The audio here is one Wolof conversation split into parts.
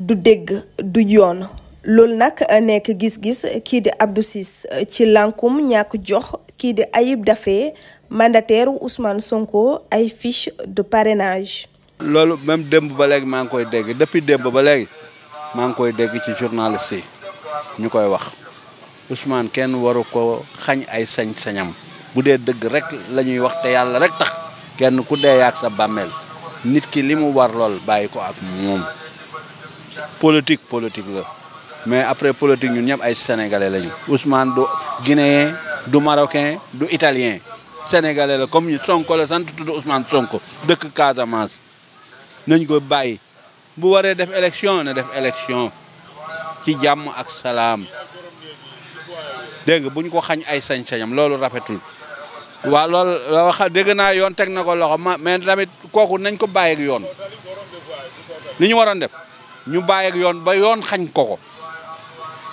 du dégg du yoon loolu nag euh, nekk gis-gis euh, kii di Abdou Ciss euh, ci lànkum ñàkk jox kii di Ayib Daffé mandataire Ousmane Sonko ay fiche de parrainage. loolu même démb ba léegi maa ngi koy dégg depuis démb ba léegi maa ngi koy dégg ci journaliste yi ñu koy wax usmaan kenn waru ko xañ ay sañ-sañam. bu dee dëgg rek la ñuy wax te yàlla rek tax kenn ku dee yaag sa bàmmeel nit ki li mu war lool bàyyi ko ak moom politique politique la mais après politique ñun ñëpp ay sénégalais lañu Ousmane du guinéen du marocain du italien sénégalais la comme ñu Sonko la sant tudd Ousmane Sonko dëkk Casamance nañ ko bàyyi bu waree def élection na def élection ci jàmm ak salaam dégg nga bu ñu ko xañ ay sañ-sañam loolu rafetul waaw lool wax dégg naa yoon teg na ko loxo ma mais tamit kooku nañ ko bàyyi yoon li ñu waroon def ñu bàyyi yoon ba yoon xañ koko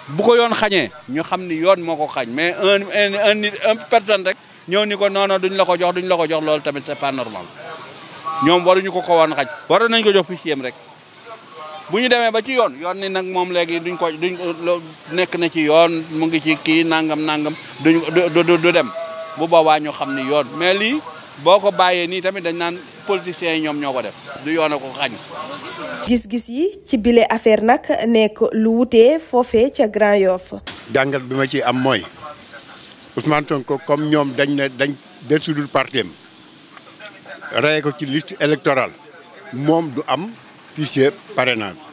bu ko yoon xañee ñu xam ni yoon moo ko xañ mais un un nit un rek ñëw ni ko noono duñ la ko jox duñ la ko jox loolu tamit c'est pas normal ñoom waruñu ko ko woon xañ waroon nañ ko jox fichier rek bu ñu demee ba ci yoon yoon ni nag moom léegi duñ ko duñ nekk na ci yoon mu ngi ci kii nangam nangam duñ du du dem bu boobaa ñu xam ni yoon mais lii boo ko bàyyee nii tamit dañ naan politiciens yi ñoom ñoo ko def du yoon a ko xañ gis-gis yi ci bile affaire nag nekk lu wutee foofee ca Grand Yoff jàngat bi ma ci am mooy Ousmane ko comme ñoom dañ ne dañ desudul parti am reye ko ci liste électorale moom du am fichier parrainage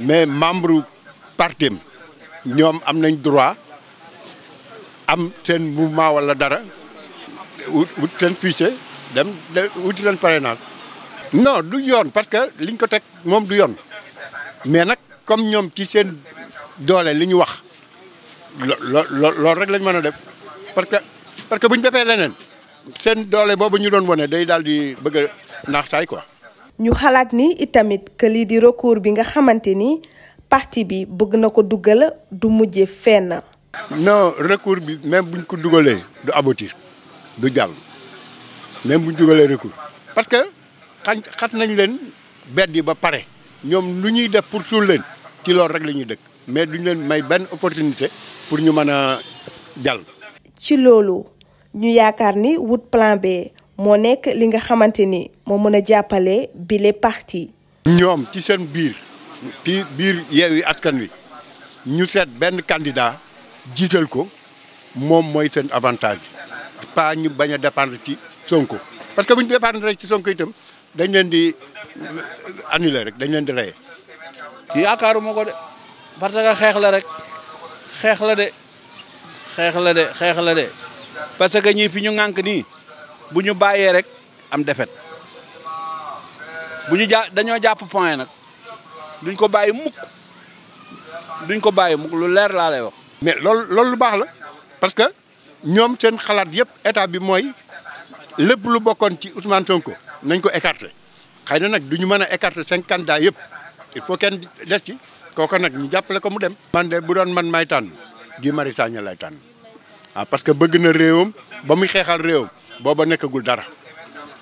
mais membre parti am ñoom am nañ droit am seen mouvement wala dara wut leen puissé dem wuti leen parrainage no du yoon parce que liñ ko teg moom du yoon mais nag comme ñoom ci seen doole li ñu wax lo loolu rek lañ mën a def parce que parce que bu ñu defee leneen seen doole boobu ñu doon wane day daal di bëgg a naax saay quoi. ñu xalaat ni itamit que lii di recours bi nga xamante ni parti bi bëgg na ko duggal du mujje fenn. non recours bi même buñ ko dugalee du aboutir du jàll même buñ dugalee recours parce que xañ xat nañ leen bedd yi ba pare ñoom lu ñuy def pour suul leen ci loolu rek la ñuy dëkk mais duñ leen may benn opportunité pour ñu mën a jàll. ci loolu ñu yaakaar ni wut plan B moo nekk li nga xamante ni moo mën a jàppale bile parti. ñoom ci seen biir ci biir Yewwi Askan Wi ñu seet benn candidat. jiital ko moom mooy seen avantage pas ñu bañ a dépendre ci Sonko parce que bu ñu dépendre rek ci Sonko itam dañ leen di annuler rek dañ leen di reye yaakaaruma ko de parce que xeex la rek xeex la de xeexla la de xeex parce que ñii fi ñu ŋànk nii bu ñu bàyyee rek am defet bu ñu ja dañoo jàpp point nag duñ ko bàyyi mukk duñ ko bàyyi mukk lu leer laa lay mais loolu loolu lu baax la parce que ñoom seen xalaat yëpp état bi mooy lépp lu bokkoon ci Ousmane ko nañ ko écarter xëy na nag du ñu mën a écarter cinq candidats yëpp il faut kenn des ci kooku nag ñu jàppale ko mu dem. man de bu doon man may tànn Guy Marius Sagna ah parce que bëgg na réewam ba muy xeexal réewam booba nekkagul dara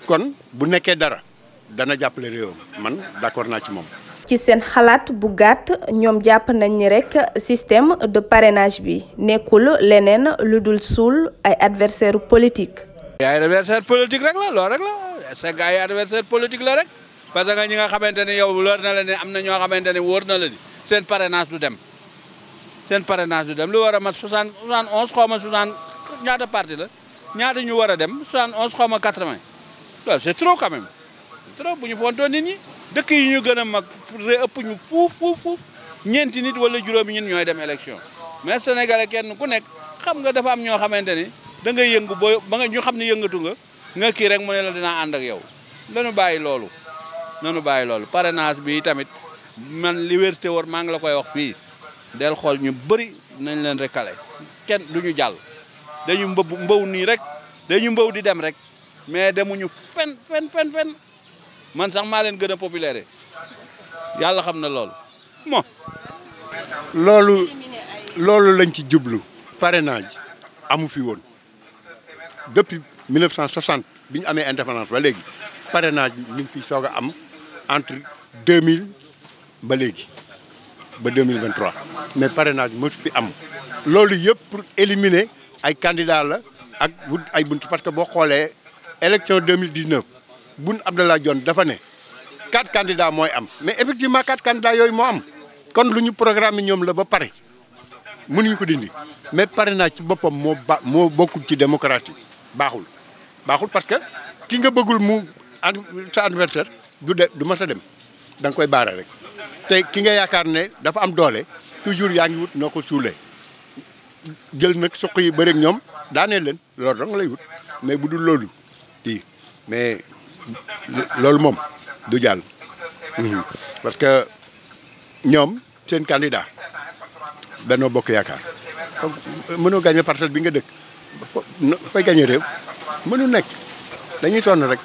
kon bu nekkee dara dana jàppale réewam man d'accord naa ci moom. ci seen xalaat bu gàtt ñoom jàpp nañ ni rek système de parrainage bi nekkul leneen lu dul suul ay adversaire politique. adversaire politique rek la loolu rek la sa gars yi adversaire politique la rek parce que nga xamante ne yow leer na la ne am na ñoo xamante ne wóor na la ni seen parrainage du dem seen parrainage du dem lu war a mat soixante soixante onze xaw ma soixante ñaata parti la ñaata ñu war a dem soixante onze xaw quatre-vingts c'est trop quand même. trop bu ñu fontoo nit ñi dëkk yi ñu gën a mag ré ëpp ñu fuuf fuuf ñeenti nit wala juróomi ñun ñooy dem élection mais sénégalais kenn ku nekk xam nga dafa am ñoo xamante ni da nga yëngu boo ba ñu xam ne yëngatu nga nga kii rek mu ne la dinaa ànd ak yow lanu bàyyi loolu nanu bàyyi loolu pare parrainage bi tamit man liberté war maa ngi la koy wax fii del xool ñu bëri nañ leen rek recalé kenn du ñu jàll dañu mbëb mbaw nii rek dañu mbaw di dem rek mais demuñu fen fen fen fen man sax maa leen gën a populeere yàlla xam na lool mo loolu loolu lañ ci jublu parrainage amu fi woon depuis 1960 bi ñu amee indépendance ba léegi parrainage ñu fi soog a am entre 2000 ba léegi ba 2023 mais parrainage mosu fi am loolu yëpp pour éliminer ay candidats la ak ay bunt parce que boo xoolee élection 2019 Boun Abdallah Dionne dafa ne quatre candidats mooy am mais effectivement quatre candidats yooyu moo am kon lu ñu programme ñoom la ba pare mënuñ ko dindi mais naa ci boppam moo ba moo bokkul ci démocratie baaxul baaxul parce que kii nga bëggul mu sa adversaire du de du ma sa dem danga koy baare rek te ki nga yaakaar ne dafa am doole toujours yaa ngi wut noo ko suulee jël na suq yi bëri ñoom daanee leen loolu dong lay wut mais bu dul loolu kii mais loolu moom du jàll. Mhm. parce que ñoom seen candidat Benno Bokk Yaakaar mënoo gagné parcelle bi nga dëkk fay gagné réew mënu nekk dañuy sonn rek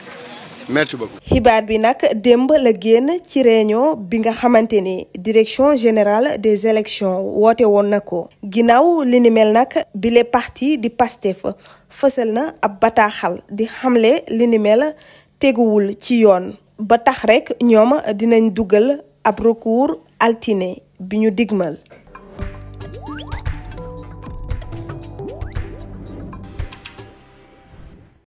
merci beaucoup. xibaar bi nag démb la génn ci réunion bi nga xamante ni direction général des élections woote woon na ko ginnaaw li ni nag bile parti di Pastef fësal na ab bataaxal di xamle li teguwul ci yoon ba tax rekk ñoom dinañ dugal ab recours altine bi ñu digmal